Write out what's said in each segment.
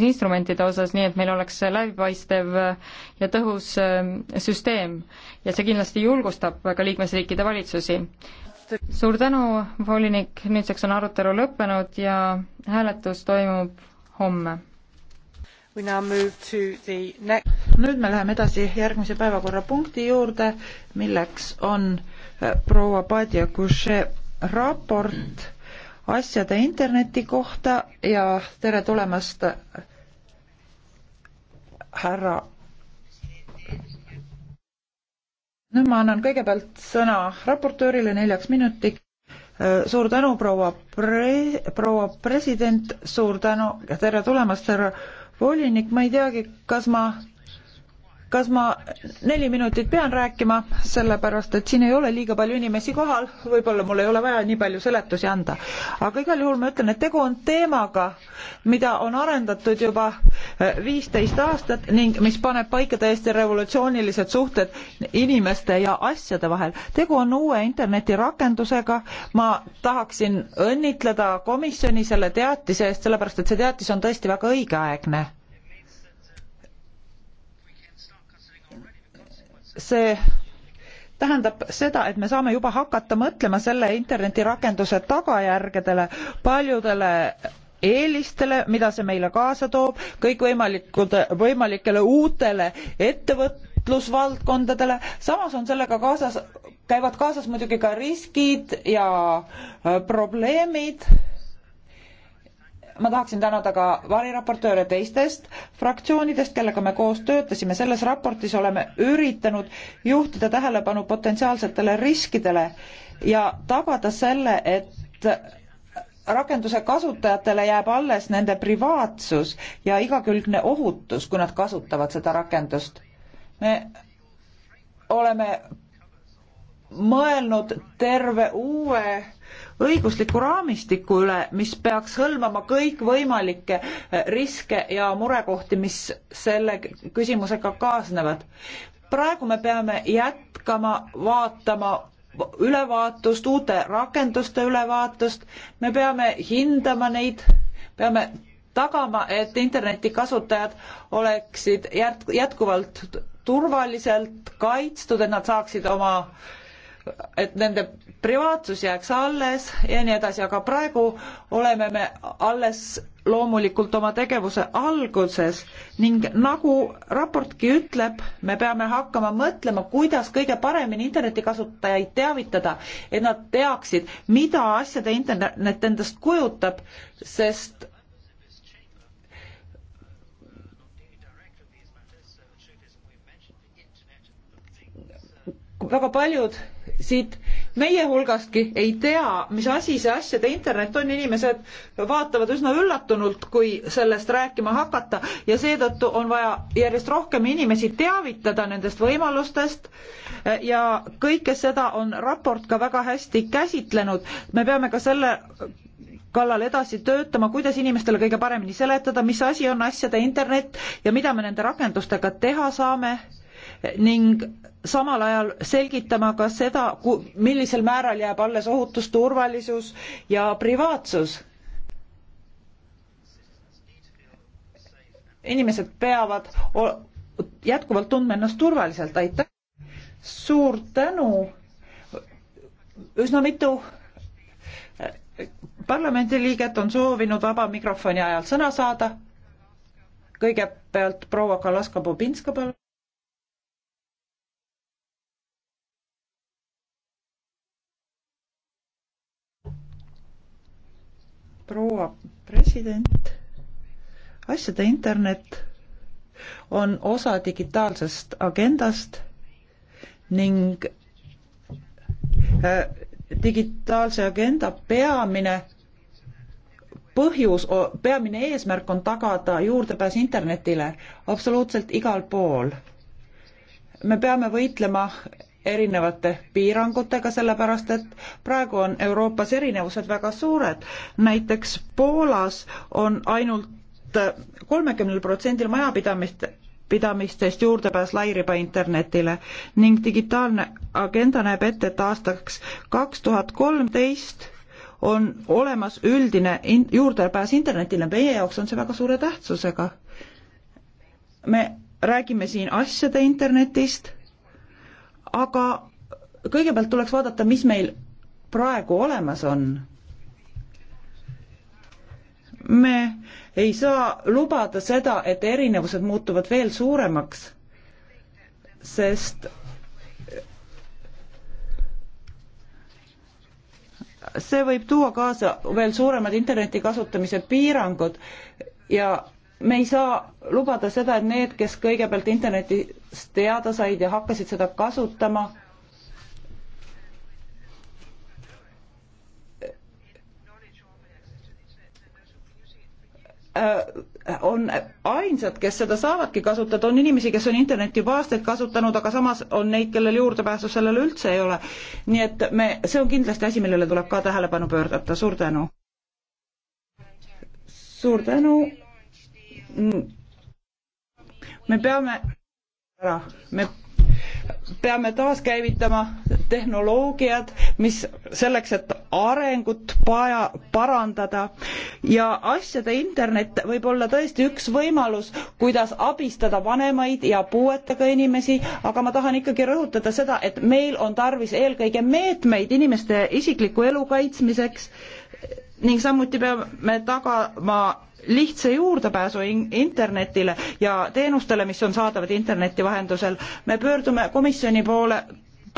finantsinstrumentide osas, nii et meil oleks läbipaistev ja tõhus äh, süsteem ja see kindlasti julgustab ka liikmesriikide valitsusi. suur tänu, volinik, nüüdseks on arutelu lõppenud ja hääletus toimub homme. nüüd me läheme edasi järgmise päevakorrapunkti juurde, milleks on äh, proua Padja Kuše raport asjade interneti kohta ja tere tulemast härra. nüüd ma annan kõigepealt sõna raportöörile neljaks minutiks. Äh, suur tänu, proua pre-, proua president, suur tänu ja tere tulemast, härra volinik, ma ei teagi, kas ma kas ma neli minutit pean rääkima, sellepärast et siin ei ole liiga palju inimesi kohal, võib-olla mul ei ole vaja nii palju seletusi anda. aga igal juhul ma ütlen, et tegu on teemaga, mida on arendatud juba äh, viisteist aastat ning mis paneb paika täiesti revolutsioonilised suhted inimeste ja asjade vahel. tegu on uue internetirakendusega, ma tahaksin õnnitleda komisjoni selle teatise eest, sellepärast et see teatis on tõesti väga õigeaegne see tähendab seda, et me saame juba hakata mõtlema selle internetirakenduse tagajärgedele paljudele eelistele, mida see meile kaasa toob, kõikvõimalikud, võimalikele uutele ettevõtlusvaldkondadele, samas on sellega kaasas, käivad kaasas muidugi ka riskid ja äh, probleemid ma tahaksin tänada ka variraportööre teistest fraktsioonidest, kellega me koos töötasime, selles raportis oleme üritanud juhtida tähelepanu potentsiaalsetele riskidele ja tagada selle, et rakenduse kasutajatele jääb alles nende privaatsus ja igakülgne ohutus, kui nad kasutavad seda rakendust. me oleme mõelnud terve uue õigusliku raamistiku üle, mis peaks hõlmama kõikvõimalikke eh, riske ja murekohti, mis selle küsimusega kaasnevad. praegu me peame jätkama vaatama ülevaatust, uute rakenduste ülevaatust, me peame hindama neid, peame tagama, et interneti kasutajad oleksid jätk-, jätkuvalt turvaliselt kaitstud, et nad saaksid oma, et nende privaatsus jääks alles ja nii edasi, aga praegu oleme me alles loomulikult oma tegevuse alguses ning nagu raportki ütleb, me peame hakkama mõtlema, kuidas kõige paremini internetikasutajaid teavitada, et nad teaksid, mida asjade internet endast kujutab, sest väga paljud siit meie hulgastki ei tea, mis asi see asjade internet on, inimesed vaatavad üsna üllatunult, kui sellest rääkima hakata ja seetõttu on vaja järjest rohkem inimesi teavitada nendest võimalustest eh, ja kõike seda on raport ka väga hästi käsitlenud. me peame ka selle kallal edasi töötama, kuidas inimestele kõige paremini seletada, mis asi on asjade internet ja mida me nende rakendustega teha saame ning samal ajal selgitama ka seda, millisel määral jääb alles ohutus, turvalisus ja privaatsus. inimesed peavad jätkuvalt tundma ennast turvaliselt, aitäh. suur tänu. üsna mitu äh, parlamendiliiget on soovinud vaba mikrofoni ajal sõna saada. kõigepealt proua Kalaska-Bobinska, palun. proua president, asjade internet on osa digitaalsest agendast ning äh, digitaalse agenda peamine põhjus, peamine eesmärk on tagada juurdepääs internetile absoluutselt igal pool. me peame võitlema erinevate piirangutega, sellepärast et praegu on Euroopas erinevused väga suured. näiteks Poolas on ainult kolmekümnel protsendil majapidamist pidamistest juurdepääs lairiba internetile ning digitaalne agenda näeb ette, et aastaks kaks tuhat kolmteist on olemas üldine in juurdepääs internetile, meie jaoks on see väga suure tähtsusega. me räägime siin asjade internetist aga kõigepealt tuleks vaadata, mis meil praegu olemas on. me ei saa lubada seda, et erinevused muutuvad veel suuremaks, sest see võib tuua kaasa veel suuremad interneti kasutamise piirangud ja me ei saa lubada seda, et need, kes kõigepealt internetis teada said ja hakkasid seda kasutama, äh, on ainsad, kes seda saavadki kasutada, on inimesi, kes on internetti juba aastaid kasutanud, aga samas on neid, kellel juurdepääsu sellele üldse ei ole. nii et me, see on kindlasti asi, millele tuleb ka tähelepanu pöörata, suur tänu. suur tänu me peame ära, me peame taaskäivitama tehnoloogiad, mis selleks, et arengut paja, parandada ja asjade internet võib olla tõesti üks võimalus, kuidas abistada vanemaid ja puuetega inimesi, aga ma tahan ikkagi rõhutada seda, et meil on tarvis eelkõige meetmeid inimeste isikliku elu kaitsmiseks ning samuti peame tagama lihtsa juurdepääsu internetile ja teenustele, mis on saadavad interneti vahendusel. me pöördume komisjoni poole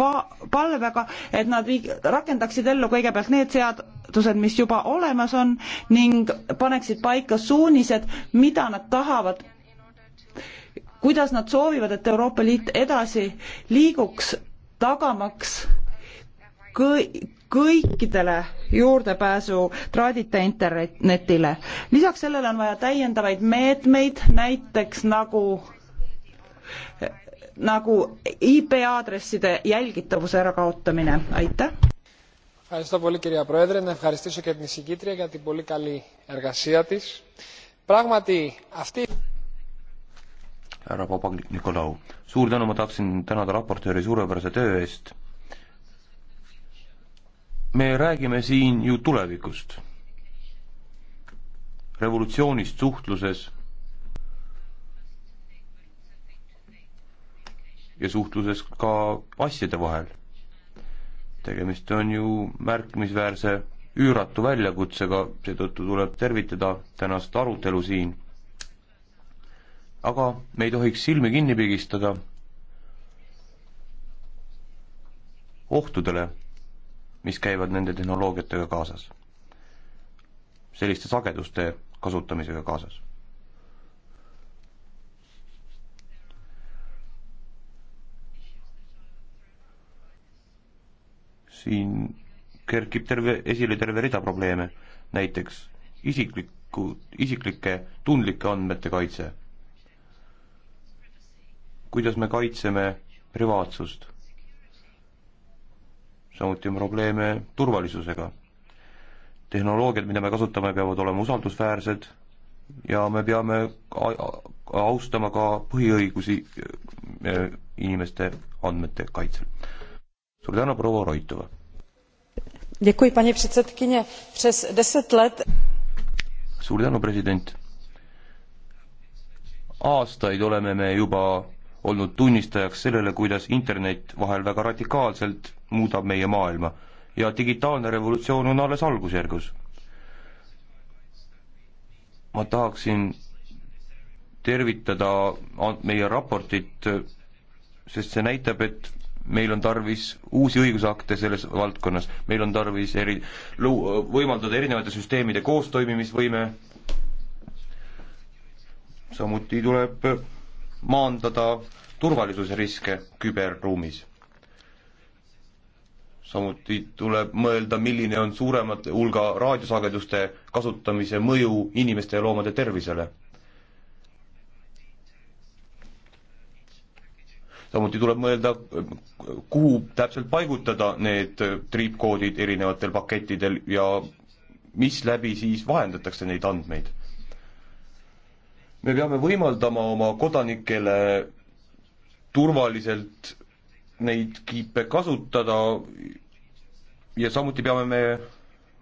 pa-, palvega, et nad viik-, rakendaksid ellu kõigepealt need seadused, mis juba olemas on ning paneksid paika suunised, mida nad tahavad, kuidas nad soovivad, et Euroopa Liit edasi liiguks, tagamaks kõi-, kõikidele juurdepääsu traadita internetile. lisaks sellele on vaja täiendavaid meetmeid, näiteks nagu nagu IP aadresside jälgitavuse ärakaotamine, aitäh. Ευχαριστώ πολύ κυρία Πρόεδρε. Να ευχαριστήσω και την εισηγήτρια για την πολύ καλή εργασία της. Πράγματι αυτή... Härra Papa-Nikolau, suur tänu, ma tahaksin tänada raportööri suurepärase töö eest me räägime siin ju tulevikust, revolutsioonist suhtluses ja suhtluses ka asjade vahel. tegemist on ju märkimisväärse üüratu väljakutsega, seetõttu tuleb tervitada tänast arutelu siin. aga me ei tohiks silmi kinni pigistada ohtudele mis käivad nende tehnoloogiatega kaasas, selliste sageduste kasutamisega kaasas. siin kerkib terve, esile terve rida probleeme, näiteks isikliku, isiklike tundlike andmete kaitse. kuidas me kaitseme privaatsust? samuti on probleeme turvalisusega. tehnoloogiad, mida me kasutame, peavad olema usaldusväärsed ja me peame austama ka põhiõigusi äh, inimeste andmete kaitsel. suur tänu, proua Roitova! suur tänu, president! aastaid oleme me juba olnud tunnistajaks sellele, kuidas internet vahel väga radikaalselt muudab meie maailma ja digitaalne revolutsioon on alles algusjärgus. ma tahaksin tervitada meie raportit, sest see näitab, et meil on tarvis uusi õigusakte selles valdkonnas, meil on tarvis eri, võimaldada erinevate süsteemide koostoimimisvõime, samuti tuleb maandada turvalisuse riske küberruumis. samuti tuleb mõelda, milline on suuremate hulga raadiosageduste kasutamise mõju inimeste ja loomade tervisele. samuti tuleb mõelda, kuhu täpselt paigutada need triipkoodid erinevatel pakettidel ja mis läbi siis vahendatakse neid andmeid me peame võimaldama oma kodanikele turvaliselt neid kiipe kasutada ja samuti peame me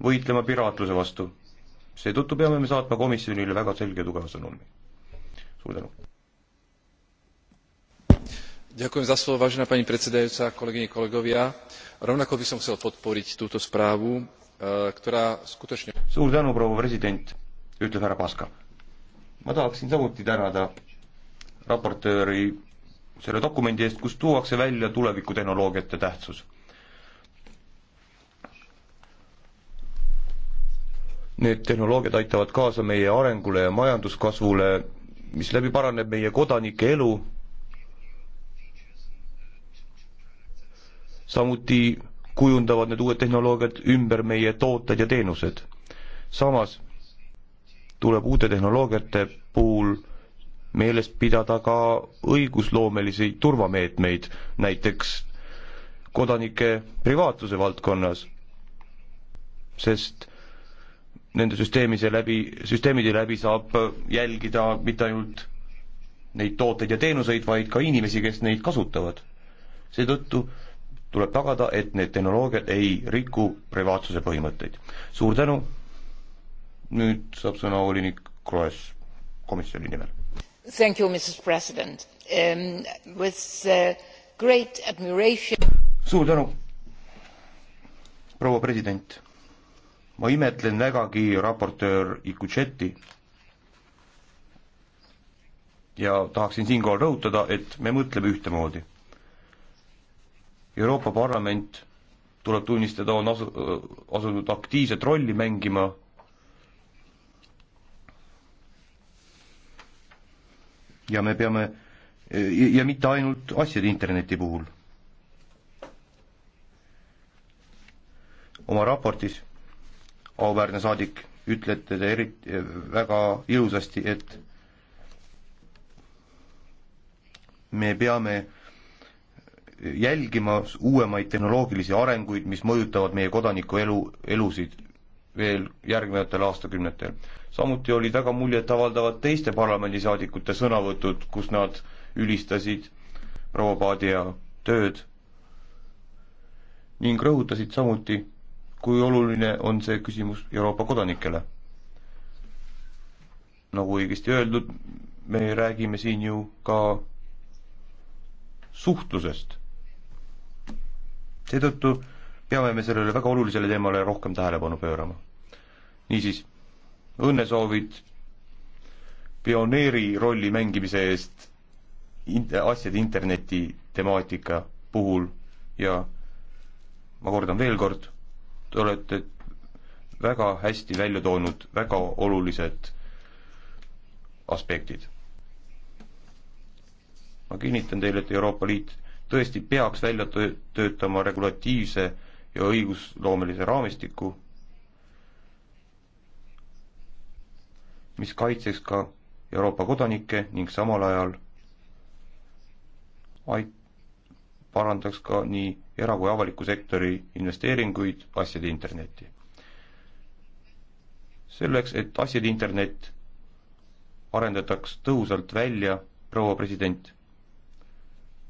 võitlema piraatluse vastu. seetõttu peame me saatma komisjonile väga selge tugeva sõnumi. suur tänu. Ďakujem za slovo, vážená pani predsedajúca, kolegyne, kolegovia. Rovnako by som chcel podporiť túto správu, e, ktorá skutočne... Suur tänu, proua president, ütleb härra Paska ma tahaksin samuti tänada raportööri selle dokumendi eest, kus tuuakse välja tulevikutehnoloogiate tähtsus. Need tehnoloogiad aitavad kaasa meie arengule ja majanduskasvule, mis läbi paraneb meie kodanike elu, samuti kujundavad need uued tehnoloogiad ümber meie tooted ja teenused. samas tuleb uute tehnoloogiate puhul meeles pidada ka õigusloomelisi turvameetmeid, näiteks kodanike privaatsuse valdkonnas, sest nende süsteemise läbi, süsteemide läbi saab jälgida mitte ainult neid tooteid ja teenuseid, vaid ka inimesi, kes neid kasutavad. seetõttu tuleb tagada, et need tehnoloogiad ei riku privaatsuse põhimõtteid. suur tänu! nüüd saab sõna volinik Kroes komisjoni nimel. Thank you, Mrs President um,. With uh, great admiration. suur tänu, proua president. ma imetlen vägagi raportöör Ikucheti ja tahaksin siinkohal rõhutada, et me mõtleme ühtemoodi. Euroopa Parlament, tuleb tunnistada, on asu-, äh, asunud aktiivset rolli mängima ja me peame ja mitte ainult asjade interneti puhul. oma raportis, auväärne saadik, ütlete te eriti väga ilusasti, et me peame jälgima uuemaid tehnoloogilisi arenguid, mis mõjutavad meie kodaniku elu, elusid veel järgnevatel aastakümnetel samuti olid väga muljetavaldavad teiste parlamendisaadikute sõnavõtud, kus nad ülistasid proua Padia tööd ning rõhutasid samuti, kui oluline on see küsimus Euroopa kodanikele. nagu õigesti öeldud, me räägime siin ju ka suhtlusest. seetõttu peame me sellele väga olulisele teemale rohkem tähelepanu pöörama. niisiis, õnnesoovid pioneeri rolli mängimise eest asjade interneti temaatika puhul ja ma kordan veel kord, te olete väga hästi välja toonud väga olulised aspektid. ma kinnitan teile, et Euroopa Liit tõesti peaks välja töötama regulatiivse ja õigusloomelise raamistiku, mis kaitseks ka Euroopa kodanikke ning samal ajal ait-, parandaks ka nii era- kui avaliku sektori investeeringuid asjade internetti. selleks, et asjade internet arendataks tõhusalt välja, proua president,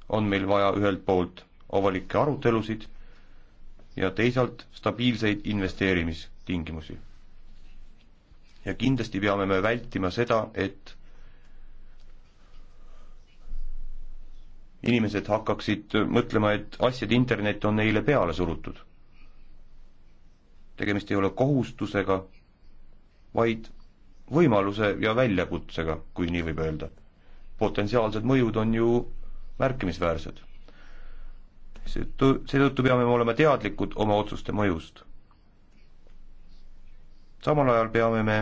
on meil vaja ühelt poolt avalikke arutelusid ja teisalt stabiilseid investeerimistingimusi ja kindlasti peame me vältima seda, et inimesed hakkaksid mõtlema, et asjad internet on neile peale surutud. tegemist ei ole kohustusega, vaid võimaluse ja väljakutsega, kui nii võib öelda. potentsiaalsed mõjud on ju märkimisväärsed. seetõttu peame me olema teadlikud oma otsuste mõjust samal ajal peame me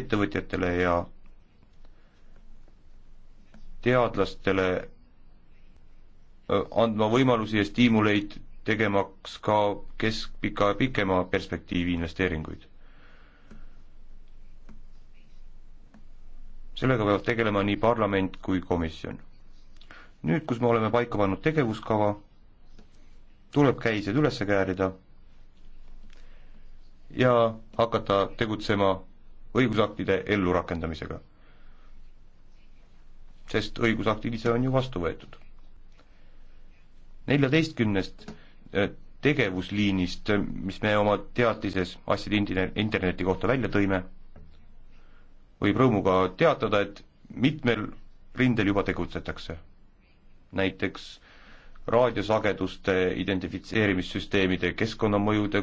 ettevõtjatele ja teadlastele andma võimalusi ja stiimuleid tegemaks ka keskpika ja pikema perspektiivi investeeringuid. sellega peavad tegelema nii parlament kui komisjon. nüüd, kus me oleme paika pannud tegevuskava, tuleb käised üles käärida ja hakata tegutsema õigusaktide ellurakendamisega. sest õigusaktid ise on ju vastu võetud. neljateistkümnest eh, tegevusliinist, mis me oma teatises asjade interneti kohta välja tõime, võib rõõmuga teatada, et mitmel rindel juba tegutsetakse. näiteks raadiosageduste identifitseerimissüsteemide keskkonnamõjude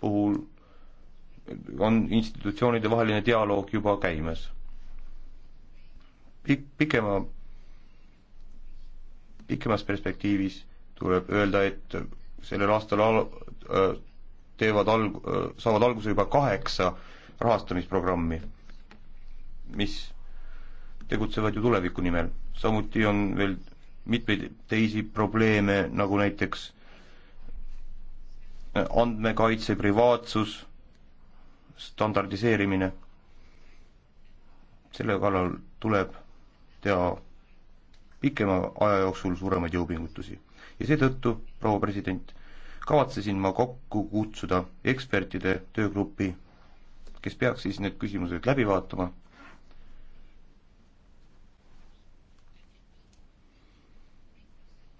puhul on institutsioonide vaheline dialoog juba käimas. Pik-, pikema, pikemas perspektiivis tuleb öelda, et sellel aastal al-, teevad alg-, saavad alguse juba kaheksa rahastamisprogrammi, mis tegutsevad ju tuleviku nimel. samuti on veel mitmeid teisi probleeme, nagu näiteks andmekaitse, privaatsus standardiseerimine, selle kallal tuleb teha pikema aja jooksul suuremaid jõupingutusi. ja seetõttu, proua president, kavatsesin ma kokku kutsuda ekspertide töögrupi, kes peaks siis need küsimused läbi vaatama.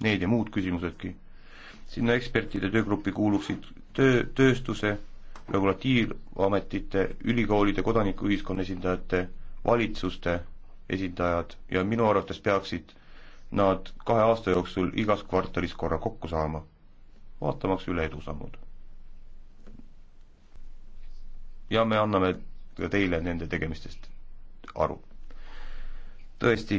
Need ja muud küsimusedki. sinna ekspertide töögruppi kuuluksid töö, tööstuse, regulatiivametite, ülikoolide, kodanikuühiskonna esindajate, valitsuste esindajad ja minu arvates peaksid nad kahe aasta jooksul igas kvartalis korra kokku saama, vaatamaks üle edusammud. ja me anname ka teile nende tegemistest aru. tõesti,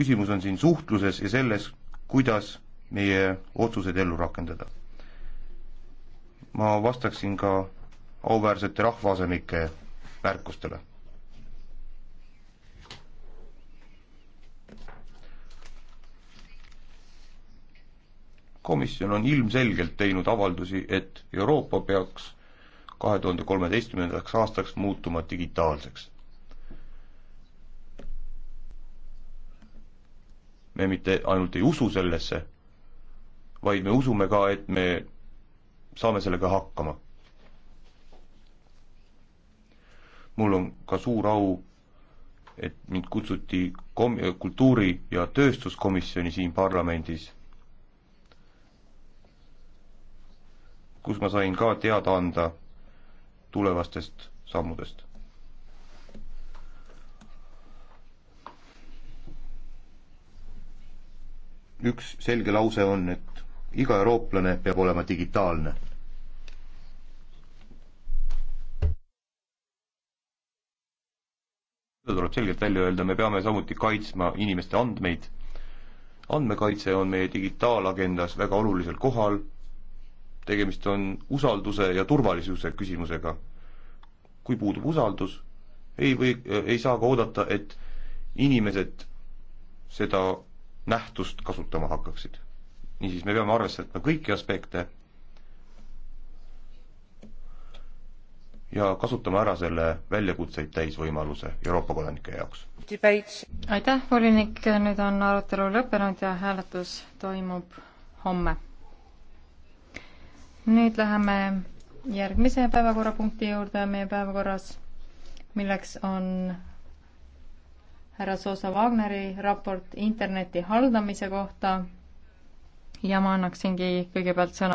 küsimus on siin suhtluses ja selles, kuidas meie otsuseid ellu rakendada ma vastaksin ka auväärsete rahvaasemike märkustele. komisjon on ilmselgelt teinud avaldusi, et Euroopa peaks kahe tuhande kolmeteistkümnendaks aastaks muutuma digitaalseks. me mitte ainult ei usu sellesse, vaid me usume ka, et me saame sellega hakkama. mul on ka suur au, et mind kutsuti kom-, kultuuri- ja tööstuskomisjoni siin parlamendis, kus ma sain ka teada anda tulevastest sammudest. üks selge lause on, et iga eurooplane peab olema digitaalne. seda tuleb selgelt välja öelda, me peame samuti kaitsma inimeste andmeid, andmekaitse on meie digitaalagendas väga olulisel kohal, tegemist on usalduse ja turvalisuse küsimusega. kui puudub usaldus, ei või, ei saa ka oodata, et inimesed seda nähtust kasutama hakkaksid niisiis, me peame arvestama kõiki aspekte ja kasutama ära selle väljakutseid täis võimaluse Euroopa kodanike jaoks. aitäh, volinik, nüüd on arutelu lõppenud ja hääletus toimub homme. nüüd läheme järgmise päevakorrapunkti juurde meie päevakorras, milleks on härra Soosa Wagneri raport interneti haldamise kohta ja ma annaksingi kõigepealt sõna